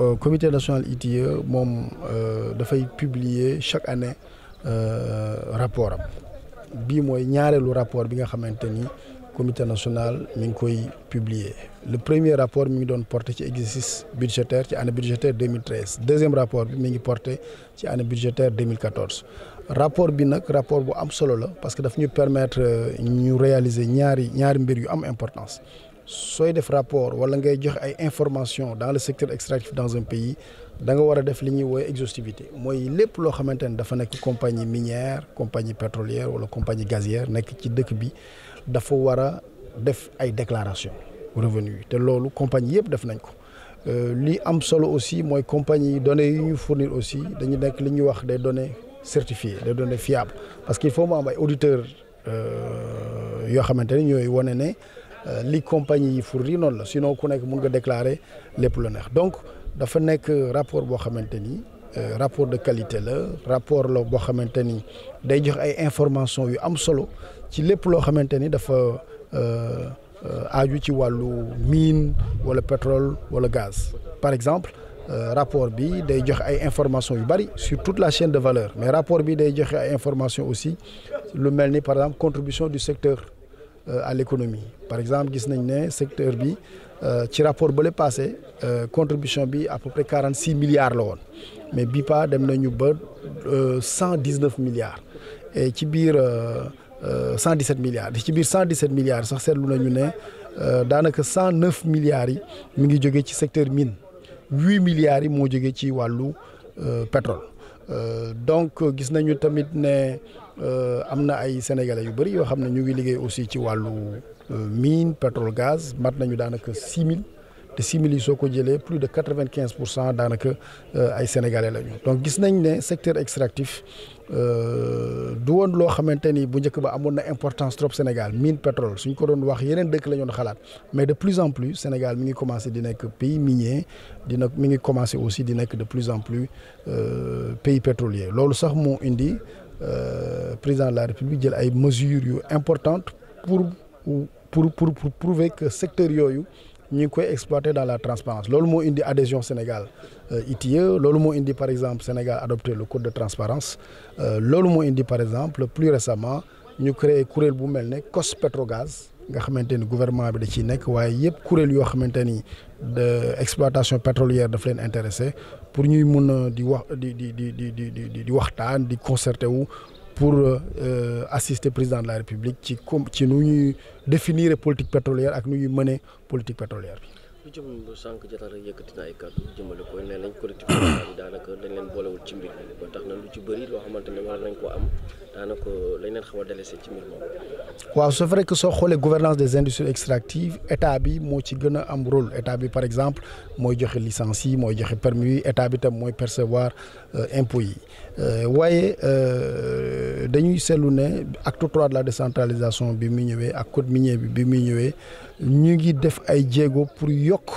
commité euh, comité national ITIE moom euh, dafay publier chaque année euh, rapport am bii mooy ñaareelu rapport bi nga xamante ni comité national mi ngi koy publier le premier rapport mu ngi doon porté ci exercice budgétaire ci année budgétaire 2013 deuxième rapport bi mi ngi porté ci année budgétaire 2014 rapport bi nag rapport bu am solo la parce que daf ñu permettre ñu réaliser ñaari ñaari mbir yu am importance sooy def rapport wala ngay joxe ay information dans le secteur extractif dans un pays da nga war a def li ñuy woowee exhaustivité mooy lépp loo xamante ne dafa nekk compagnie minière compagnie pétrolière wala compagnie gazière nekk ci dëkk bi dafa war a def ay déclaration revenu yi te loolu compagnie yëpp def nañ ko euh, li am solo aussi mooy compagnie yi données yi ñu fournir aussi dañu nekk li ñuy wax des données certifiées des données fiable parce que faut mu am ay auditeurs euh, yoo xamante ne ñooy wane ne Euh, li compagnie yi fournir noonu la sinon ku nekk mun nga déclarer lépp lu neex donc dafa nekk rapport boo xamante ni euh, rapport de qualité la rapport la boo xamante ni day jox ay information yu am solo ci lépp loo xamante ni dafa euh, aaju ci wàllu miin wala pétrole wala gaz par exemple rapport bi day joxe ay information yu bari sur toute la chaîne de valeur mais rapport bi day joxe ay information aussi lu mel ni par exemple contribution du secteur Euh, à l'économie par exemple gis nañ ne secteur bi euh, ci rapport ba le passé euh, contribution bi à peu près quarante six milliards la woon mais bi pa dem nañu ba cent dix neuf milliards et ci biir cent dix sept milliards ci biir cent dix sept milliards sax seetlu nañu ne daanaka cent neuf milliards yi mu ngi jóge ci secteur mine huit milliards yi moo jóge ci wàllu pétrole donc gis nañu tamit ne Euh, am na ay sénégalais yu bari yoo xam ne ñu ngi liggéey aussi ci wàllu euh, mine pétrole gaz mat nañu daanaka six mille te six mille yi soo ko jëlee plus de quatre vingt quinze pour cent daanaka euh, ay sénégalais lañu donc gis nañ ne secteur extractif du woon loo xamante ni bu njëkk ba amoon na importance trop Sénégal mine pétrole suñ ko doon wax yeneen dëkk la ñu xalaat mais de plus en plus Sénégal mi ngi commencé di nekk pays minier dina mi ngi commencé aussi di nekk de plus en plus pays pétrolier loolu sax moo indi. Euh, président de la république jël ay mesures yu importantes pour pour pour pour prouver que secteur yooyu ñu ngi koy exploiter dans la transparence loolu moo indi adhésion Sénégal euh, ITIE loolu moo indi par exemple Sénégal adopté le code de transparence euh, loolu moo indi par exemple plus récemment ñu créer kuréel bu mel ne COS Petrogaz nga xamante ni gouvernement bi da ciy nekk waaye yëpp kuréel yoo xamante ni exploitation pétrolière dafa leen intéressé pour ñuy mun a di wax di di di di di di waxtaan di concerté wu pour euh, assister président de la république ci comme ci nu ñuy définir politique pétrolière ak nu ñuy mëne politique pétrolière bi. bi jëm sànq jotaal ak yëkkati ay kàddu jëmale ko nee nañ collectivités yi daanaka dañ leen boolewul ci mbir ba tax na lu ci bëri loo xamante ne war nañ koo am daanaka lañ leen xaw a ci mbir moom. waaw c'est vrai soo xoolee gouvernance des industries extractives état bi moo ci gën am rôle état bi par exemple mooy joxe licence yi mooy joxe permis état bi tam mooy percevoir euh, impôts yi euh, waaye. Euh, dañuy seetlu ne acte trois de la décentralisation bi muy ñëwee ak code minier bi bi muy ñëwee ñu ngi def ay jéego pour yokk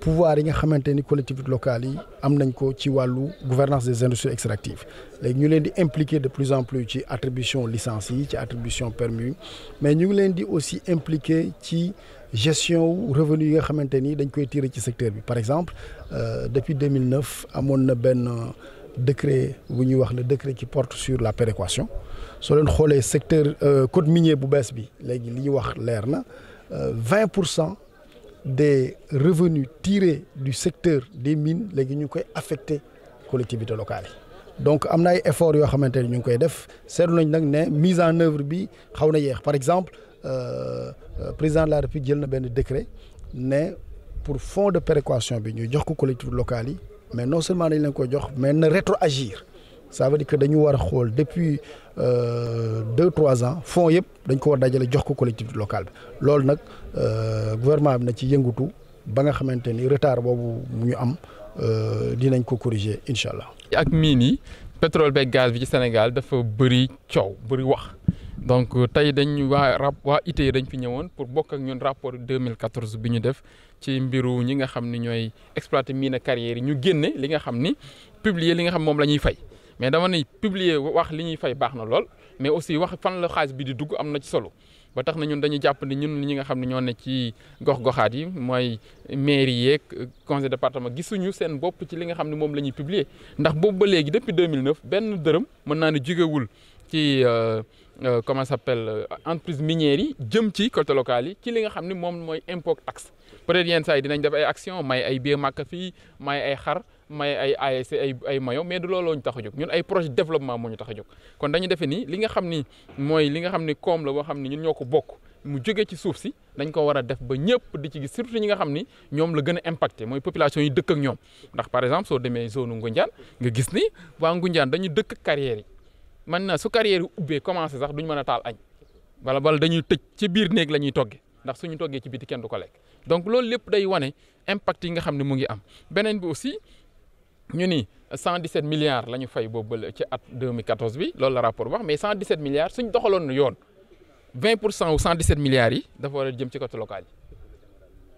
pouvoir yi nga xamante ni collectivités locale yi am nañ ko ci wàllu gouvernance des industries extractives léegi ñu leen di impliquer de plus en plus ci attribution licence yi ci attribution permis mais ñu ngi leen di aussi impliquer ci gestion revenu yi nga xamante ni dañ koy tirer ci secteur bi par exemple euh, depuis 2009 amoon na benn. décret bu ñuy wax le décret ci porte sur la péréquation soo leen xoolee secteur euh, code minier bu bees bi léegi li ñuy wax leer na euh, vingt pour cent des revenus tirés du secteur des mines léegi ñu ngi koy affecté collectivités locales yi donc am na ay efforts yoo xamante ne ñu ngi koy def seetlu nañ nag ne mise en œuvre bi xaw na yéex par exemple euh, euh, président de la République jël na benn décret ne pour fonds de péréquation bi ñu jox ko collectivités locales yi mais non seulement dañ leen ko jox mais na rétroagir ça veut dire que dañu war a xool depuis euh, deux trois ans fonds yëpp dañ ko war dajale jox ko collectivité locale bi loolu nag euh, gouvernement bi na ci yëngutu ba nga xamante ni retard boobu mu ñu am euh, dinañ ko corriger incha allah. ak miin yi pétrole beeg gaz bi ci Sénégal dafa bëri coow bëri wax. donc euh, tey dañ waa rap waa yi dañ fi ñëwoon pour bokk ak ñun rapport 2014 bi ñu def ci mbiru ñi nga xam ni ñooy exploité mine carrière yi ñu génne li nga xam ni publier li nga xam moom la ñuy fay mais dama ne publier wax li ñuy fay baax na lool mais aussi wax fan la xaalis bi di dugg am na ci solo ba tax na ñun dañu jàpp ni ñun ñi nga xam ne ñoo ne ci gox-goxaat yi mooy mairie yeeg euh, conseil département gisuñu seen bopp ci li nga xam ne moom la ñuy publier ndax boobu ba léegi depuis 2009 benn dërëm mën naa ne jugewul ci euh, euh, comment s'appelle euh, entreprise minière yi jëm ci côté locale yi ci li nga xam ne moom mooy impôt taxe peut-être yenn saa yi dinañ def ay action may ay biir màkk fii may ay xar may ay ASC ay ay mayo mais du looloo ñu tax a jóg ñun ay projet développement moo ñu tax a jóg kon dañu defe ni li nga xam ni mooy li nga xam ni koom la boo xam ni ñun ñoo ko bokk mu jóge ci suuf si dañ ko war a def ba ñëpp di ci gis surtout ñi nga xam ni ñoom la gën a impacté mooy population yi dëkk ak ñoom ndax par exemple soo demee zone Ngoundiane nga gis ni waa dañu dëkk carrière yi mën naa su carrière ubbee commencé sax ñu mën a taal añ wala wala dañuy tëj ci biir néeg la ñuy togge ndax suñu toggee ci biti kenn du ko lekk donc loolu lépp day wane impact yi nga xam ne mu ngi am beneen bi aussi ñu ni 117 milliards la ñu fay boobu ci at 2014 bi loolu la rapport wax mais 117 milliards suñ doxaloon yoon 20 pour cent ou 117 milliards yi dafa war a jëm ci côté local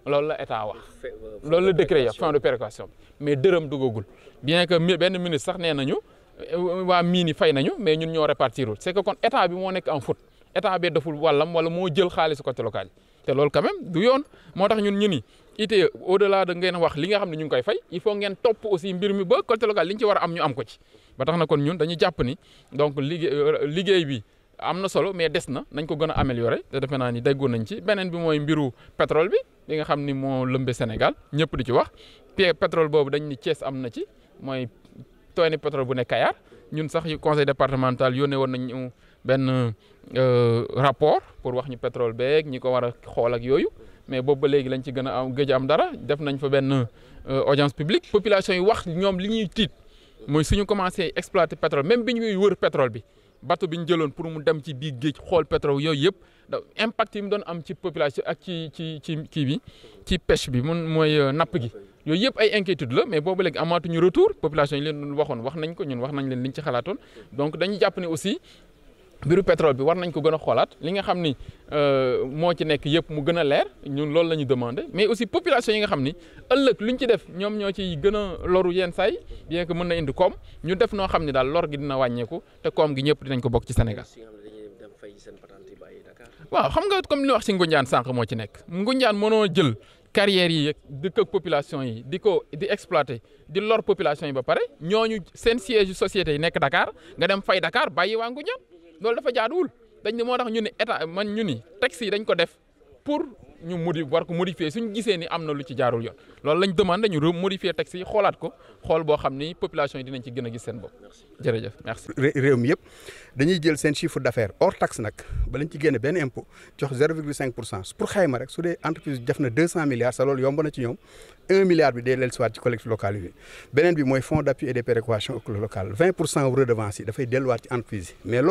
loolu la état wax. loolu la décret ya fonds de dërëm duggagul bien que benn ministre sax nee nañu. waa mine yi fay nañu mais ñun ñoo répartirul c'est que kon état bi moo nekk en faute état bee deful wàllam wala moo jël xaalis côté local te loolu quand du yoon moo tax ñun ñu ni ite au delà de ngeen wax li nga xam ne ñu ngi koy fay il faut ngeen topp aussi mbir mi ba côté local li ñu ci war am ko ci ba tax na kon ñun dañu jàpp ni donc liggéey euh, liggéey bi am na solo mais des na nañ ko gën a améliorer te defe naa ni déggoon nañ ci beneen bi mooy mbiru pétrole bi nga xam ni moo lëmbe Sénégal ñëpp di ci wax pétrole boobu dañ ni Thiès am na ci mooy tonne pétrole bu ne Kayar ñun sax conseil départemental yónnee woon nañu benn euh, rapport pour wax ñu pétrole beeg ñi ko war a xool ak yooyu mais boobu ba léegi lañ ci gën a am gëj am dara def nañ fa benn euh, audience publique population yi wax ñoom li ñuy tiit mooy suñu commencé exploiter pétrole même bi ñuy wër pétrole bi bateau bi ñu jëloon pour mu dem ci biir géej xool pétrole yooyu yëpp da impact yi mu doon am ci population ak ci ci ci kii bi ci pêche bi mun mooy euh, napp gi yooyu yëpp ay inquiétude la mais boobu léegi amaatuñu retour population yi leen waxoon wax nañ ko ñun wax nañ leen liñ ci xalaatoon donc dañu jàpp ne aussi mbiru pétrole bi war nañ ko gën a xoolaat li nga xam ni euh, moo ci nekk yëpp mu gën a leer ñun loolu la ñu demandé mais aussi population yi nga xam ni ëllëg ñu ci def ñoom ñoo ciy gën a loru yenn saay bien que mën na indi koom ñu def noo xam ni daal lor gi dina wàññeeku te koom gi ñëpp dinañ ko bokk ci Sénégal. waaw xam nga comme li wax si Ngoundiane sànq moo ci nekk Ngoundiane mënoo jël carrières yi yeeg dëkk population yi di ko di exploiter di lor population yi ba pare ñooñu seen siège société yi nekk dakaar nga dem fay dakaar bàyyi waa Ngoundiane loolu dafa jaaduwul dañ ne moo tax ñu ne état man ñu ni taxi yi dañ ko def pour ñu modi war ko modifier suñu gisee ni am na lu ci jaarul yoon loolu lañ demandé ñu modifier texte yi xoolaat ko xool boo xam ni population yi dinañ ci gën a gis seen bopp jërëjëf merci. réew mi yëpp dañuy jël seen chiffre d'affaires hors taxe nag ba lañ ci génne benn impôt jox 0,5 pour cent rek su dee entreprise def na 200 milliards sa loolu yomb na ci ñoom 1 milliard bi day dellusiwaat ci collectivités locales yi beneen bi mooy fonds d'appui et de péréquation locale 20 pour cent redevance yi dafay delluwaat ci entreprise yi mais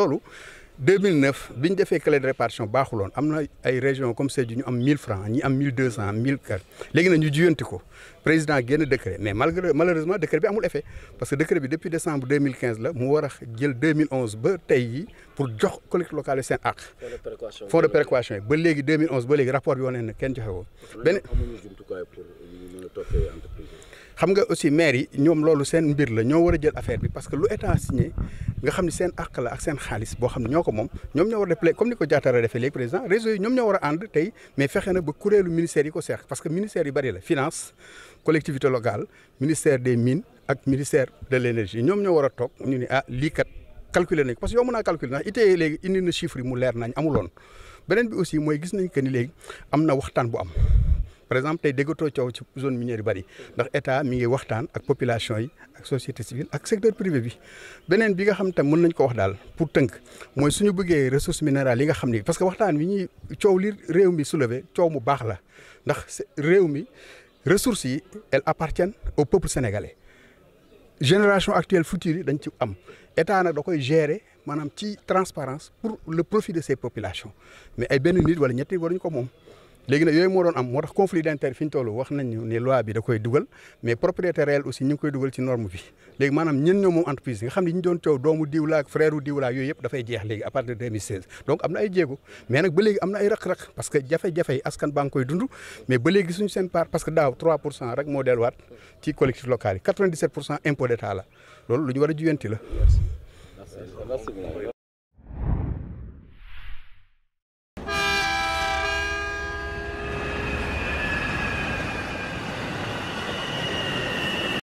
2009 bi ñu defee clé de répartition baaxuloon am na ay région comme Sédhiou ñu am 1000 francs ñi am 1200 1000 kër léegi nag ñu jiyanti ko président génn décret mais malgré malheureusement décret bi amul effet parce que décret bi depuis décembre la mu war a jël 2011 ba tey yi pour jox collectivités locales yi seen àq. fonds de péréquation yi ba léegi 2011 ba léegi rapport bi wane na kenn joxe woo. benn xam nga aussi maire yi ñoom loolu seen mbir la ñoo war a jël affaire bi parce que lu état signé nga xam ne seen àq la ak seen xaalis boo xam ne ñoo ko moom ñoom ñoo war a def ni ko jaatara defee léegi président réseau a ànd tey mais fexe na ba kuréelu ministère yi ko seex parce que ministère yi bari la finance collectivité locale ministère des mines ak ministère de l'énergie ñoom ñoo war a toog ñu ni ah lii kat calculer nañ ko parce que yow mën naa calculer ndax itee léegi indi na chiffre yi mu leer nañ bi aussi mooy gis nañ que ni léegi am na waxtaan bu am par exemple tey déggatoo coow ci zone minière yu bëri ndax état mi ngi waxtaan ak population yi ak société civile ak secteur privé bi beneen bi nga xam tam mën nañ ko wax daal pour tënk mooy suñu bëggee ressources minérales yi nga xam ni parce que waxtaan wi ñuy coow li réew mi soulevé coow mu baax la ndax réew mi ressources yi elles appartiennent au peuple sénégalais génération actuelle future yi dañ ci am état nag da koy gérer maanaam ci transparence pour le profit de ces populations mais ay benn nit wala ñetti waruñ ko moom léegi nag yooyu moo doon am moo tax conflit d'intérêt fi ñu toll wax nañu ne loi bi da koy dugal mais propriétaire aussi ñu koy dugal ci norme bi léegi maanaam ñen ñoo entreprise nga xam ne ñu doon coow doomu diwla ak frère u diwla yooyu yëpp dafay jeex léegi à partir de 2016 donc am na ay jéego mais nag ba am na ay raq-raq parce que jafe-jafe yi askan baa ngi mais ba suñu seen part parce que daaw 3 pour cent rek moo a